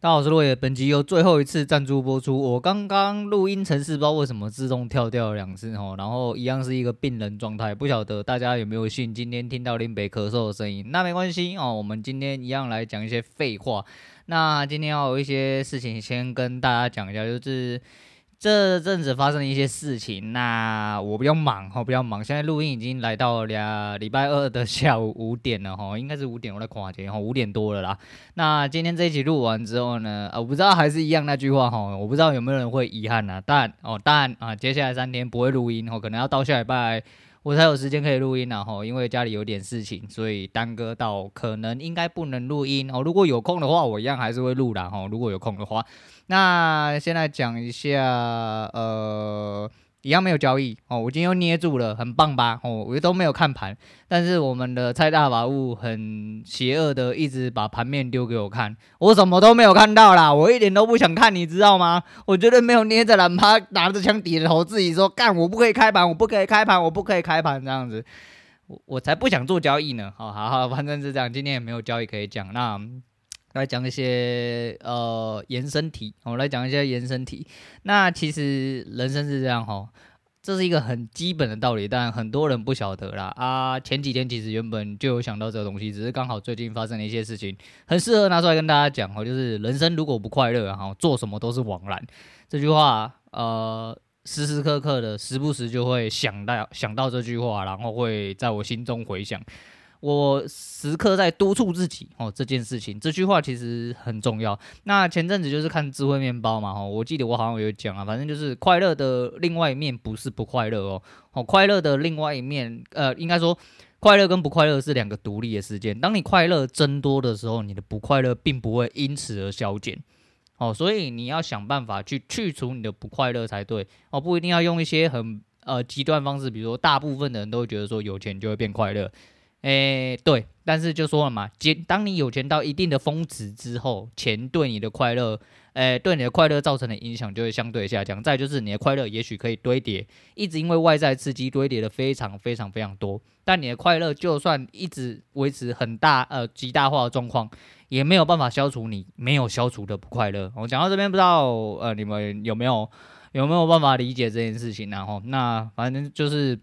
大家好，我是落野。本集由最後一次贊助播出。我剛剛錄音程式不知道為什麼自動跳掉了兩次哦。然後一樣是一個病人狀態，不曉得大家有沒有幸今天聽到林北咳嗽的聲音？那沒關係哦，我們今天一樣來講一些廢話。那今天要有一些事情先跟大家講一下，就是。這陣子發生了一些事情，那我比較忙哦，比較忙。現在錄音已經來到兩禮拜二的下午五點了哈，應該是五點我在跨節哈，五、哦、點多了啦。那今天這一集錄完之後呢、啊，我不知道還是一樣那句話哈、哦，我不知道有沒有人會遺憾呢、啊？但哦，但啊，接下來三天不會錄音哦，可能要到下禮拜。我才有時間可以錄音啊，然後因為家裡有點事情，所以耽擱到可能應該不能錄音哦。如果有空的話，我一樣還是會錄啦。吼，如果有空的話，那現在講一下，呃。一樣沒有交易哦，我今天又捏住了，很棒吧？哦，我都沒有看盤，但是我們的蔡大寶物很邪惡的一直把盤面丟給我看，我什麼都沒有看到啦，我一點都不想看，你知道嗎？我絕對沒有捏着懶趴拿着槍抵着頭，自己說幹，我不可以開盤，我不可以開盤，我不可以開盤，這樣子我，我才不想做交易呢。哦、好好，反正是這樣，今天也沒有交易可以講那。來講一些呃延伸題，哦，我們來講一些延伸題。那其實人生是這樣哈，這是一個很基本的道理，但很多人不曉得啦啊。前幾天其實原本就有想到這個東西，只是剛好最近發生了一些事情，很適合拿出來跟大家講哈。就是人生如果不快樂哈，做什麼都是枉然。這句話呃，時時刻刻的，時不時就會想到想到這句話，然後會在我心中回響。我時刻在督促自己哦，這件事情這句話其實很重要。那前陣子就是看智慧麵包嘛，哦，我記得我好像有講啊，反正就是快樂的另外一面不是不快樂哦，哦，快樂的另外一面，呃，應該說快樂跟不快樂是兩個獨立的事件。當你快樂增多的時候，你的不快樂並不會因此而消減哦，所以你要想辦法去去除你的不快樂才對哦，不一定要用一些很呃極端方式，比如說大部分的人都會覺得說有錢就會變快樂。誒、欸，對，但是就說了嘛，當你有錢到一定的峰值之後，錢對你的快樂，誒、欸，對你的快樂造成的影響就會相對下降。再就是你的快樂也許可以堆疊，一直因為外在刺激堆疊的非常非常非常多，但你的快樂就算一直維持很大，呃，極大化的狀況，也沒有辦法消除你沒有消除的不快樂。我、哦、講到這邊，不知道呃你們有沒有有沒有辦法理解這件事情然、啊、吼，那反正就是。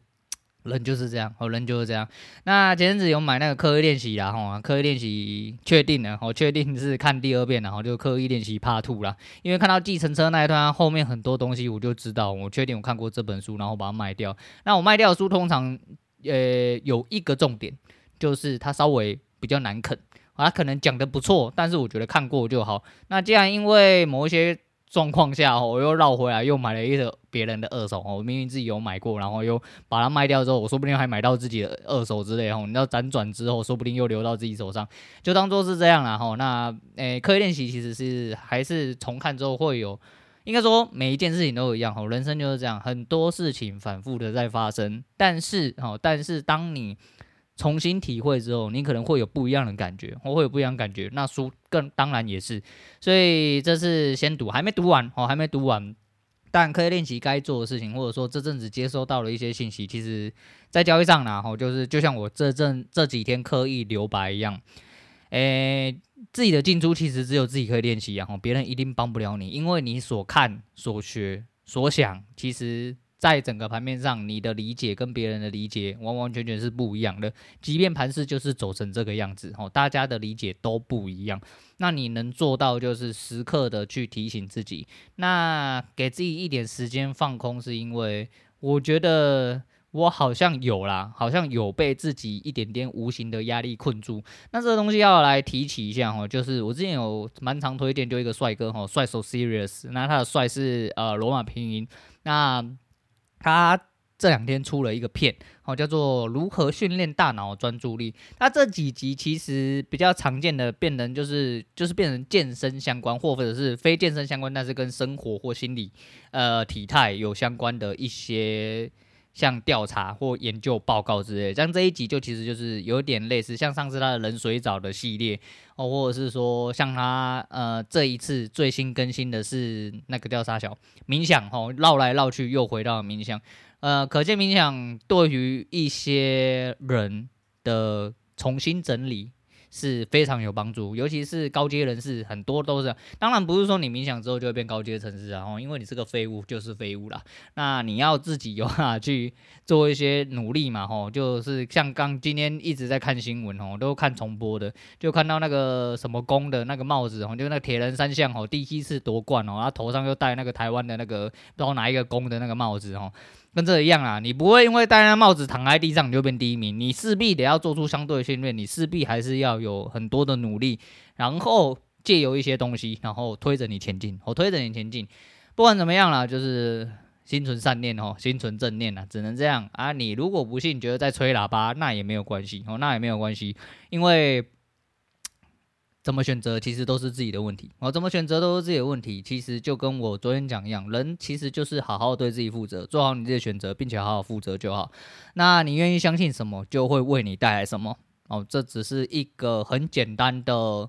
人就是這樣，我人就是這樣。那前陣子有買那個刻意練習啦，哈，刻意練習確定了，我確定是看第二遍然後就刻意練習趴兔啦。因為看到計程車那一段後面很多東西，我就知道我確定我看過這本書，然後把它賣掉。那我賣掉的書通常，呃，有一個重點，就是它稍微比較難啃，它可能講的不錯，但是我覺得看過就好。那既然因為某一些狀況下，我又繞回來，又買了一手別人的二手，我明明自己有買過，然後又把它賣掉之後，我說不定還買到自己的二手之類哦。你知道輾轉之後，說不定又流到自己手上，就當做是這樣了哈。那誒，刻意練習其實是還是重看之後會有，應該說每一件事情都一樣。人生就是這樣，很多事情反覆的在發生，但是但是當你。重新體會之後，你可能會有不一樣的感覺，或會有不一樣的感覺。那書更當然也是，所以這次先讀，還沒讀完哦，還沒讀完。但刻意練習該做的事情，或者說這陣子接收到了一些信息，其實，在交易上呢，吼，就是就像我這陣這幾天刻意留白一樣，誒，自己的進出其實只有自己可以練習啊，吼，別人一定幫不了你，因為你所看、所學、所想，其實。在整個盤面上，你的理解跟別人的理解完完全全是不一樣的。即便盤是就是走成這個樣子哦，大家的理解都不一樣。那你能做到就是時刻的去提醒自己，那給自己一點時間放空，是因為我覺得我好像有啦，好像有被自己一點點無形的壓力困住。那這個東西要來提起一下哦，就是我之前有蠻常推薦就一個帥哥哈，帥 So Serious，那他的帥是呃羅馬拼音，那。他這兩天出了一個片，好叫做《如何訓練大腦專注力》。他這幾集其實比較常見的，變成就是就是變成健身相關，或者是非健身相關，但是跟生活或心理、呃體態有相關的一些，像調查或研究報告之類，像這一集就其實就是有點類似，像上次他的冷水澡的系列哦，或者是說像他呃這一次最新更新的是那個調查小冥想哦，繞來繞去又回到冥想，呃，可見冥想對於一些人的重新整理，是非常有幫助，尤其是高階人士，很多都是。當然不是說你冥想之後就會變高階層次啊，吼，因為你是個廢物就是廢物啦。那你要自己有法去做一些努力嘛，吼，就是像剛今天一直在看新聞哦，都看重播的，就看到那個什麼公的那個帽子哦，就那個鐵人三項哦，第七次奪冠哦，他頭上又戴那個台灣的那個，然後拿一個公的那個帽子哦。跟這一樣啊，你不會因為戴那帽子躺在地上你就變第一名，你勢必得要做出相對的訓練，你勢必還是要有很多的努力，然後借由一些東西，然後推着你前進，我推着你前進。不管怎麼樣啦，就是心存善念哦，心存正念啊，只能這樣啊。你如果不信，覺得在吹喇叭，那也沒有關係哦，那也沒有關係，因為。怎麼選擇，其實都是自己的問題。哦，怎麼選擇都是自己的問題，其實就跟我昨天講一樣，人其實就是好好對自己負責，做好你自己的選擇，並且好好好負責就好。那你願意相信什麼，就會為你帶來什麼。哦，這只是一個很簡單的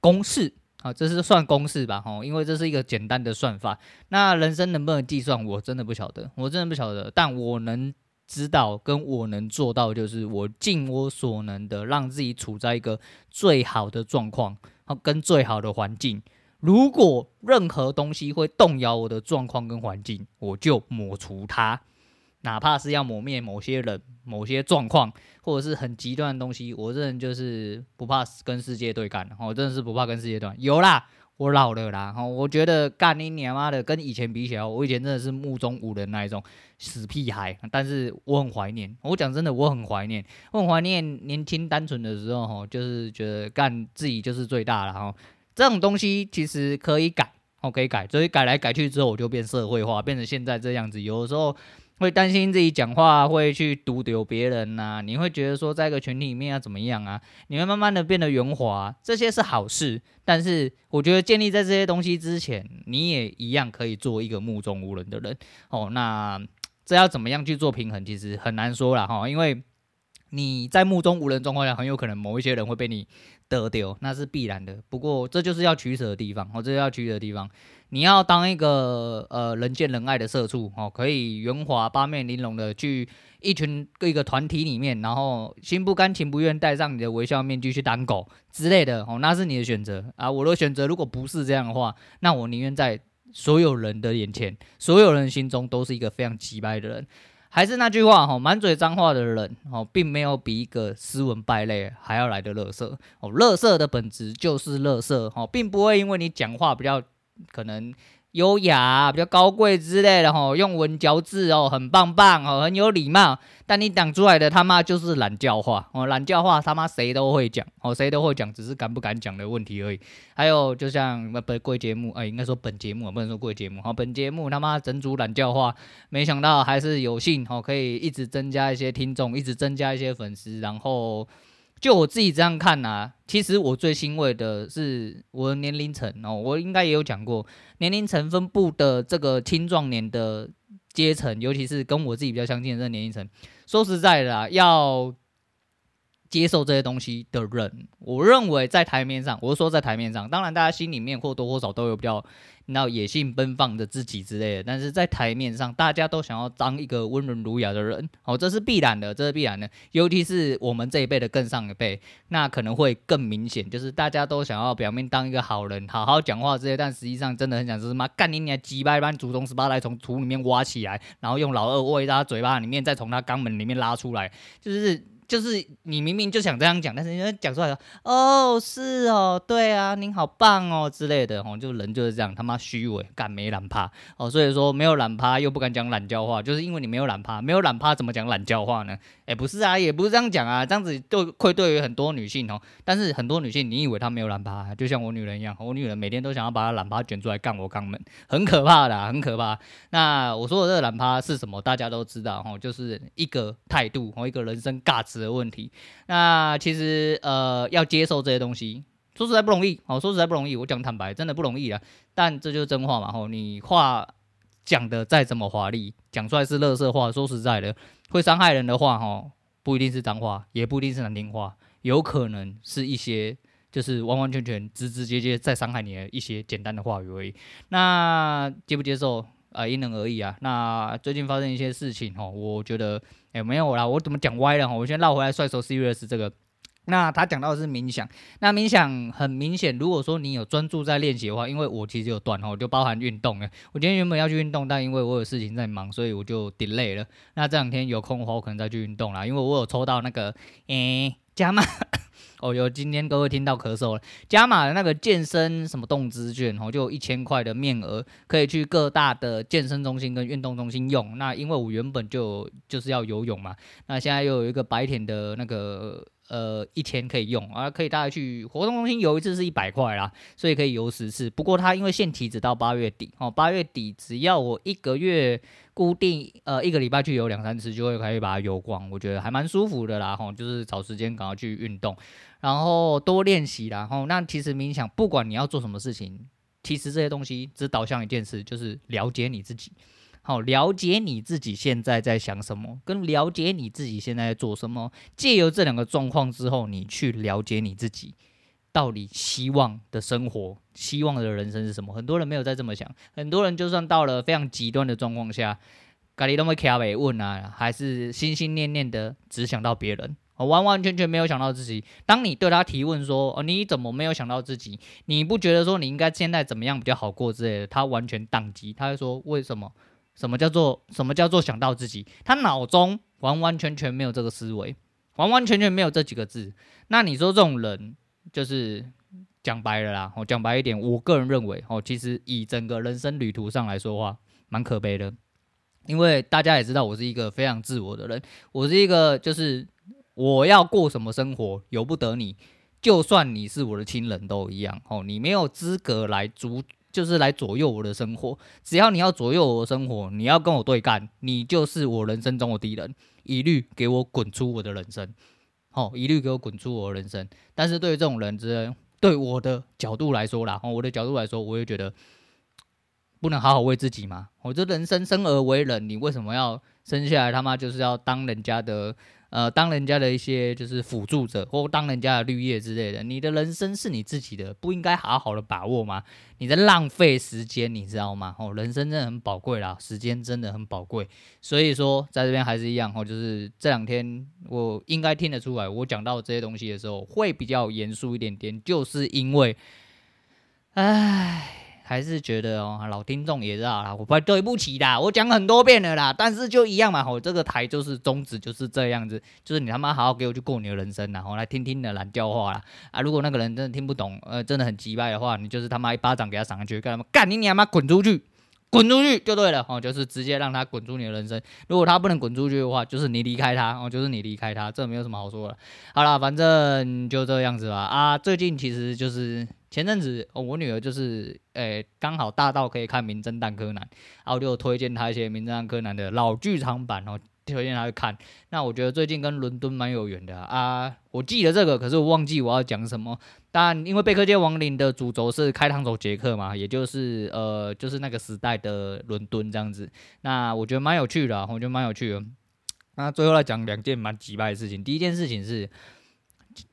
公式，啊，這是算公式吧？哦，因為這是一個簡單的算法。那人生能不能計算，我真的不曉得，我真的不曉得。但我能。知道跟我能做到，就是我盡我所能的讓自己處在一個最好的狀況，跟最好的環境。如果任何東西會動搖我的狀況跟環境，我就抹除它，哪怕是要抹滅某些人、某些狀況，或者是很極端的東西。我這人就是不怕跟世界對幹，我真的是不怕跟世界對幹。有啦。我老了啦，我覺得幹你娘媽的，跟以前比起來，我以前真的是目中無人那一種死屁孩。但是我很懷念，我講真的，我很懷念，我很懷念年輕單純的時候，就是覺得幹自己就是最大了，這種東西其實可以改，可以改，所以改來改去之後，我就變社會化，變成現在這樣子。有的時候。會擔心自己講話會去毒瘤別人吶、啊，你會覺得說在一個群體裡面要怎麼樣啊？你會慢慢的變得圓滑，這些是好事。但是我覺得建立在這些東西之前，你也一樣可以做一個目中無人的人哦。那這要怎麼樣去做平衡，其實很難說了哈，因為。你在目中無人狀況下，很有可能某一些人會被你得丟，那是必然的。不過，這就是要取捨的地方，哦，這是要取捨的地方。你要當一個呃人見人愛的社畜，哦，可以圓滑八面玲瓏的去一群一個團體裡面，然後心不甘情不願戴上你的微笑面具去當狗之類的，哦，那是你的選擇啊。我的選擇，如果不是這樣的話，那我寧願在所有人的眼前、所有人心中都是一個非常機掰的人。還是那句話哈，滿嘴髒話的人哦，並沒有比一個斯文敗類還要來得樂色哦。樂色的本質就是樂色哦，並不會因為你講話比較可能。優雅，比較高貴之類的吼，用文嚼字哦，很棒棒哦，很有禮貌。但你講出來的他媽就是懶叫話哦，懶叫話他媽誰都會講哦，誰都會講，只是敢不敢講的問題而已。還有就像那不貴節目啊，欸、應該說本節目啊，不能說貴節目吼，本節目他媽整組懶叫話，沒想到還是有幸哦，可以一直增加一些聽眾，一直增加一些粉絲，然後。就我自己這樣看啊，其實我最欣慰的是我的年齡層哦，我應該也有講過年齡層分布的這個青壯年的階層，尤其是跟我自己比較相近的這個年齡層。說實在的啊，要。接受這些東西的人，我認為在台面上，我是說在台面上，當然大家心裡面或多或少都有比較那野性奔放的自己之類的，但是在台面上，大家都想要當一個溫潤儒雅的人，哦，這是必然的，這是必然的，尤其是我們這一輩的更上一輩，那可能會更明顯，就是大家都想要表面當一個好人，好好講話之類。但實際上真的很想就是麼幹你娘雞掰祖宗十八代從土裡面挖起來，然後用老二握在他嘴巴裡面，再從他肛門裡面拉出來，就是。就是你明明就想這樣講，但是你講出來說，哦，是哦，對啊，您好棒哦之類的，哦，就人就是這樣，他媽虛偽，敢沒懶趴。哦？所以說沒有懶趴，又不敢講懶叫話，就是因為你沒有懶趴，沒有懶趴怎麼講懶叫話呢？哎、欸，不是啊，也不是這樣講啊，這樣子就愧對於很多女性哦，但是很多女性你以為她沒有懶趴，就像我女人一樣，我女人每天都想要把她懶趴捲出來幹我肛門，很可怕的、啊，很可怕。那我說的這個懶趴是什麼？大家都知道哦，就是一個態度和一個人生尬詞。的問題，那其實呃要接受這些東西，說實在不容易哦、喔，說實在不容易，我講坦白真的不容易啊。但這就是真話嘛吼，你話講的再怎麼華麗，講出來是垃圾話，說實在的，會傷害人的話哦，不一定是髒話，也不一定是難聽話，有可能是一些就是完完全全、直直接接在傷害你的一些簡單的話語而已。那接不接受？啊，因、呃、人而異啊。那最近發生一些事情哦，我覺得哎、欸、沒有啦，我怎麼講歪了哦？我先繞回來，Shuaisoserious 這個。那他講到的是冥想，那冥想很明顯，如果說你有專注在練習的話，因為我其實有斷哦，就包含運動耶。我今天原本要去運動，但因為我有事情在忙，所以我就 delay 了。那這兩天有空的話，我可能再去運動啦，因為我有抽到那個誒、欸、加碼。 哦，有今天各位聽到咳嗽了，加碼的那個健身什麼動滋券，吼，就有一千塊的面額，可以去各大的健身中心跟運動中心用。那因為我原本就就是要游泳嘛，那現在又有一個白天的那個。呃，一天可以用，而、啊、可以大概去活動中心游一次是一百塊啦，所以可以游十次。不過它因為限期，只到八月底哦。八月底只要我一個月固定呃一個禮拜去游兩三次，就會可以把它游光。我覺得還蠻舒服的啦，吼、哦，就是找時間趕快去運動，然後多練習啦，吼、哦。那其實冥想不管你要做什麼事情，其實這些東西只導向一件事，就是了解你自己。好，了解你自己現在在想什麼，跟了解你自己現在在做什麼。借由這兩個狀況之後，你去了解你自己到底希望的生活、希望的人生是什麼。很多人沒有在這麼想，很多人就算到了非常極端的狀況下，咖喱都會卡被問啊，還是心心念念的只想到別人，完完全全沒有想到自己。當你對他提問說：“哦，你怎麼沒有想到自己？你不覺得說你應該現在怎麼樣比較好過之類的？”他完全宕機，他會說：“為什麼？”什麼叫做什麼叫做想到自己？他腦中完完全全沒有這個思維，完完全全沒有這幾個字。那你說這種人，就是講白了啦，哦，講白一點，我個人認為哦，其實以整個人生旅途上來說話，蠻可悲的。因為大家也知道，我是一個非常自我的人，我是一個就是我要過什麼生活，由不得你，就算你是我的親人都一樣哦，你沒有資格來阻。就是來左右我的生活，只要你要左右我的生活，你要跟我對幹，你就是我人生中的敵人，一律給我滾出我的人生，好，一律給我滾出我的人生。但是對於這種人對我的角度來說啦，我的角度來說，我也覺得不能好好為自己嘛。我這人生生而為人，你為什麼要生下來他媽就是要當人家的？呃，當人家的一些就是輔助者，或當人家的綠葉之類的，你的人生是你自己的，不應該好好的把握嗎？你在浪費時間，你知道嗎？哦，人生真的很寶貴啦，時間真的很寶貴，所以說在這邊還是一樣哦，就是這兩天我應該聽得出來，我講到這些東西的時候會比較嚴肅一點點，就是因為，哎。還是覺得哦、喔，老聽眾也知道啦，我不對不起啦，我講很多遍了啦，但是就一樣嘛，我這個台就是宗旨就是這樣子，就是你他媽好好給我去過你的人生，然後來聽聽你的懶叫話啦。啊。如果那個人真的聽不懂，呃，真的很雞掰的話，你就是他媽一巴掌給他上去，幹他媽幹你你媽滾出去，滾出去就對了哦，就是直接讓他滾出你的人生。如果他不能滾出去的話，就是你離開他哦，就是你離開他，這沒有什麼好說了。好了，反正就這樣子吧啊，最近其實就是。前陣子、哦、我女兒就是誒，剛好大到可以看《名偵探柯南》，我就推薦她一些《名偵探柯南》的老劇場版哦，推薦她去看。那我覺得最近跟倫敦蠻有緣的啊，啊，我記得這個，可是我忘記我要講什麼。但因為《貝克街亡靈》的主軸是開膛手傑克嘛，也就是呃，就是那個時代的倫敦這樣子。那我覺得蠻有趣的、啊，我覺得蠻有趣的、啊。那最後來講兩件蠻奇怪的事情，第一件事情是。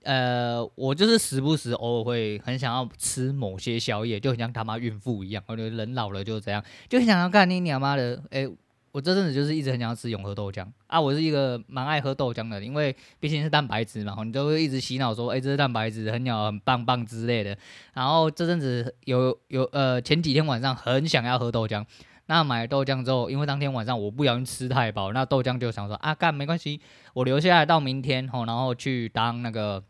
呃，我就是時不時偶爾會很想要吃某些宵夜，就很像他媽孕婦一樣。我覺得人老了就這樣，就很想要看你你媽的。哎、欸，我這陣子就是一直很想要吃永和豆漿啊！我是一個蠻愛喝豆漿的，因為畢竟是蛋白質嘛，你就會一直洗腦說，哎、欸，這蛋白質，很鳥，很棒棒之類的。然後這陣子有有呃前幾天晚上很想要喝豆漿。那買了豆漿之後，因為當天晚上我不想吃太飽，那豆漿就想說啊，幹沒關係，我留下來到明天吼，然後去當那個。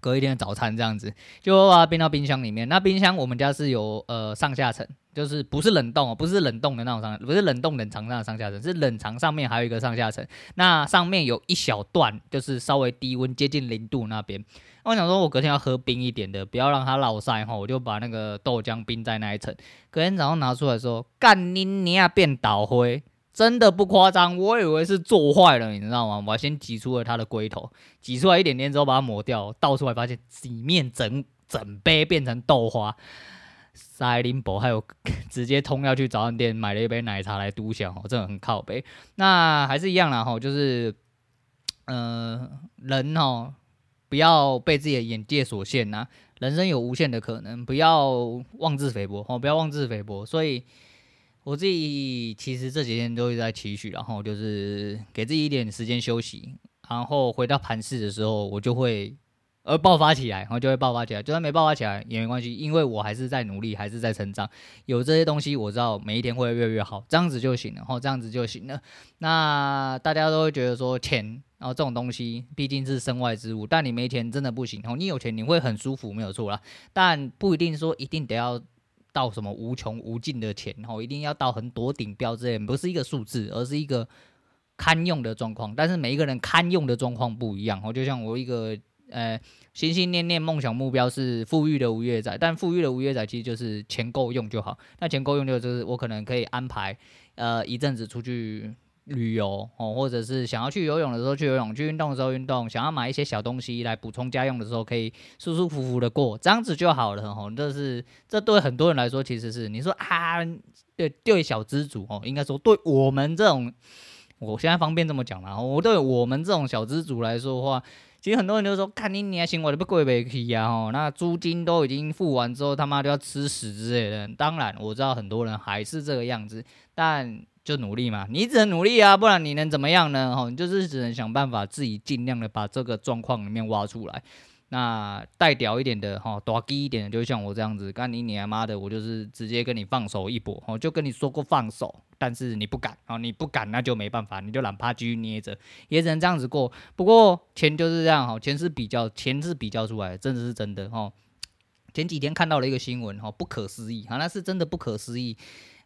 隔一天的早餐這樣子，就把它冰到冰箱裡面。那冰箱我們家是有呃上下層，就是不是冷凍哦，不是冷凍的那種上，不是冷凍冷藏上的上下層，是冷藏上面還有一個上下層。那上面有一小段，就是稍微低溫接近零度那邊。我想說我隔天要喝冰一點的，不要讓它老曬哈，我就把那個豆漿冰在那一層。隔天早上拿出來說，幹你娘啊，變豆花。真的不誇張，我以為是做壞了，你知道嗎？我先擠出了它的龜頭，擠出來一點點之後把它抹掉，倒出來發現裡面整整杯變成豆花。賽林博還有直接通要去早餐店買了一杯奶茶來獨享哦，真的很靠北。那還是一樣啦哈，就是，呃，人哦、喔，不要被自己的眼界所限吶、啊，人生有無限的可能，不要妄自菲薄哦，不要妄自菲薄，所以。我自己其實這幾天都一直在期許，然後就是給自己一點時間休息，然後回到盤市的時候，我就會呃爆發起來，然後就會爆發起來。就算沒爆發起來也沒關係，因為我還是在努力，還是在成長。有這些東西，我知道每一天會越越好，這樣子就行了，然後這樣子就行了。那大家都會覺得說錢，然後這種東西畢竟是身外之物，但你沒錢真的不行。然後你有錢你會很舒服，沒有錯啦。但不一定說一定得要。到什麼無窮無盡的錢，後一定要到很多頂標之類，不是一個數字，而是一個堪用的狀況。但是每一個人堪用的狀況不一樣，然後就像我一個呃，心心念念夢想目標是富裕的無業仔，但富裕的無業仔其實就是錢夠用就好。那錢夠用就就是我可能可以安排呃一陣子出去。旅遊哦，或者是想要去游泳的時候去游泳，去運動的時候運動，想要買一些小東西來補充家用的時候，可以舒舒服，服服的過，這樣子就好了，吼。但，就是這對很多人來說，其實是你說啊，對對小資主哦，應該說對我們這種，我現在方便這麼講嘛，我對我們這種小資主來說的話，其實很多人都說，看你你年行我都貴唄。可以呀，那租金都已經付完之後，他媽都要吃屎之類的。當然，我知道很多人還是這個樣子，但。就努力嘛，你只能努力啊，不然你能怎麼樣呢？哦，你就是只能想辦法自己儘量的把這個狀況裡面挖出來。那帶屌一點的，哈，多低一點的，就像我這樣子，幹你你他媽的，我就是直接跟你放手一搏。我就跟你說過放手，但是你不敢啊，你不敢，那就沒辦法，你就懶趴繼續捏着，也只能這樣子過。不過錢就是這樣，哦，錢是比較，錢是比較出來的，真的是真的。哦。前幾天看到了一個新聞，哈，不可思議，啊，那是真的不可思議。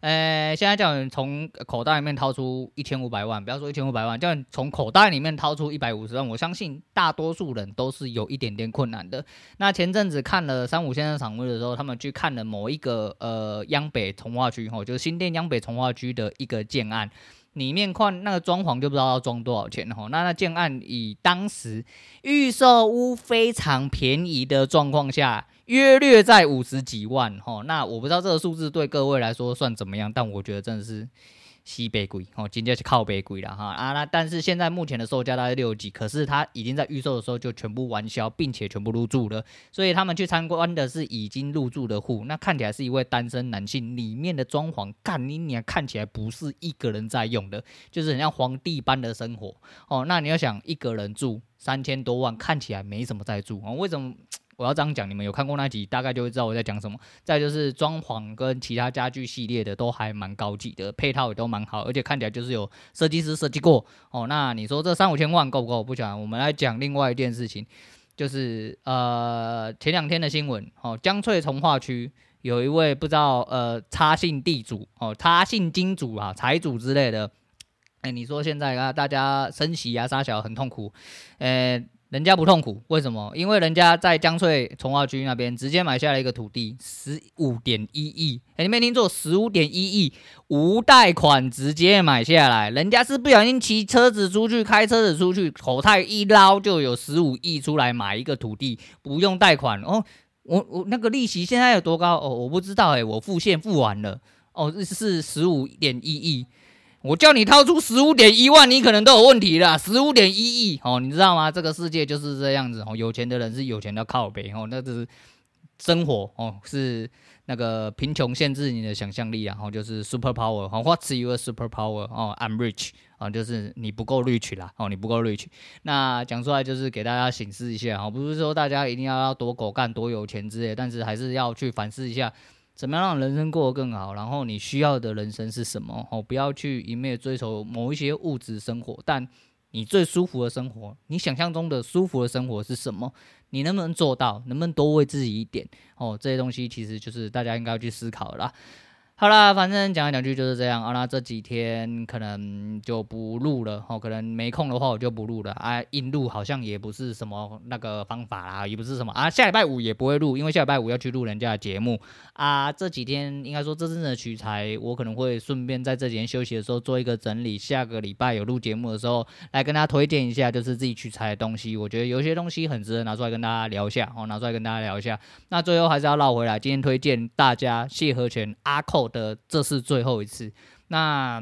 呃、欸，現在叫你從口袋裡面掏出一千五百萬，不要說一千五百萬，叫你從口袋裡面掏出一百五十萬，我相信大多數人都是有一點點困難的。那前陣子看了三五先生場位的時候，他們去看了某一個呃，央北重劃區齁，就是新店央北重劃區的一個建案。裡面看那個裝潢就不知道要裝多少錢哦。那那建案以當時預售屋非常便宜的狀況下，約略在五十幾萬哦。那我不知道這個數字對各位來說算怎麼樣，但我覺得真的是。西北貴哦，真的是靠北貴了哈啊。那但是現在目前的售價大概六幾，可是它已經在預售的時候就全部完銷，並且全部入住了，所以他們去參觀的是已經入住的戶。那看起來是一位單身男性，裡面的裝潢，幹你娘，你看起來不是一個人在用的，就是很像皇帝般的生活哦、喔。那你要想一個人住三千多萬，看起來沒什麼在住啊、喔？為什麼？我要這樣講，你們有看過那集，大概就會知道我在講什麼。再就是裝潢跟其他家具系列的都還蠻高級的，配套也都蠻好，而且看起來就是有設計師設計過哦。那你說這三五千萬夠不夠？我不講，我們來講另外一件事情，就是呃前兩天的新聞哦，江翠重劃區有一位不知道呃差姓地主哦，差姓金主啊，財主之類的。哎、欸，你說現在啊，大家升息啊，殺小很痛苦，呃、欸。人家不痛苦，為什麼？因為人家在江翠重劃區那邊直接買下了一個土地，十五點一億。哎、欸，你沒聽錯，十五點一億無貸款直接買下來。人家是不小心騎車子出去，開車子出去，口袋一撈就有十五億出來買一個土地，不用貸款。哦，我我那個利息現在有多高？哦，我不知道哎、欸，我付現付完了。哦，是十五點一億。我叫你掏出十五點一萬，你可能都有問題啦。十五點一億，哦，你知道嗎？這個世界就是這樣子哦。有錢的人是有錢的靠背哦，那就是生活哦，是那個貧窮限制你的想象力啊。然、哦、後就是 super power，What's、哦、your super power？哦，I'm rich，啊、哦，就是你不夠 rich 啦，哦，你不夠 rich。那講出來就是給大家顯示一下哈、哦，不是說大家一定要多狗干多有錢之類，但是還是要去反思一下。怎麼樣讓人生過得更好？然後你需要的人生是什麼？哦，不要去一味追求某一些物質生活，但你最舒服的生活，你想象中的舒服的生活是什麼？你能不能做到？能不能多為自己一點？哦，這些東西其實就是大家應該要去思考啦。好啦，反正講來講去就是這樣啊、哦。那這幾天可能就不錄了哦，可能沒空的話我就不錄了啊。硬錄好像也不是什麼那個方法啦，也不是什麼啊。下禮拜五也不會錄，因為下禮拜五要去錄人家的節目啊。這幾天應該說真正的取材，我可能會順便在這幾天休息的時候做一個整理。下個禮拜有錄節目的時候，來跟大家推薦一下，就是自己取材的東西。我覺得有些東西很值得拿出來跟大家聊一下哦，拿出來跟大家聊一下。那最後還是要繞回來，今天推薦大家謝和弦阿寇的這是最後一次。那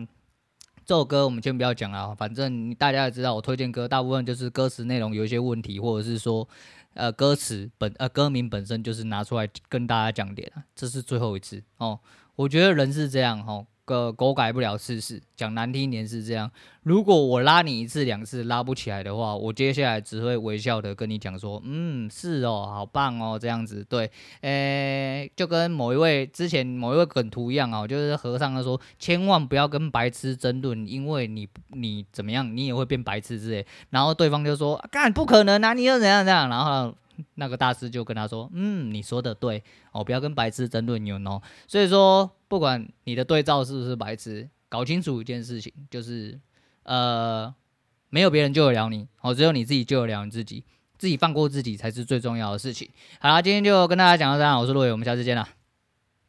這首歌我們先不要講了，反正大家也知道，我推薦歌大部分就是歌詞內容有一些問題，或者是說，呃，歌詞本呃歌名本身就是拿出來跟大家講點。這是最後一次哦，我覺得人是這樣哦。個狗改不了吃屎，講難聽點是這樣。如果我拉你一次兩次拉不起來的話，我接下來只會微笑的跟你講說，嗯，是哦，好棒哦，這樣子對。誒、欸，就跟某一位之前某一位梗圖一樣哦。就是和尚他說，千萬不要跟白痴爭論，因為你你怎麼樣，你也會變白痴之類。然後對方就說，幹、啊、不可能啊，你又怎樣怎樣。然後那個大師就跟他說，嗯，你說的對哦，不要跟白痴爭論哦。You know? 所以說。不管你的對照是不是白痴，搞清楚一件事情，就是，呃，沒有別人救得了你，哦，只有你自己救得了你自己，自己放過自己才是最重要的事情。好啦，今天就跟大家講到這樣，我是路易，我們下次見啦。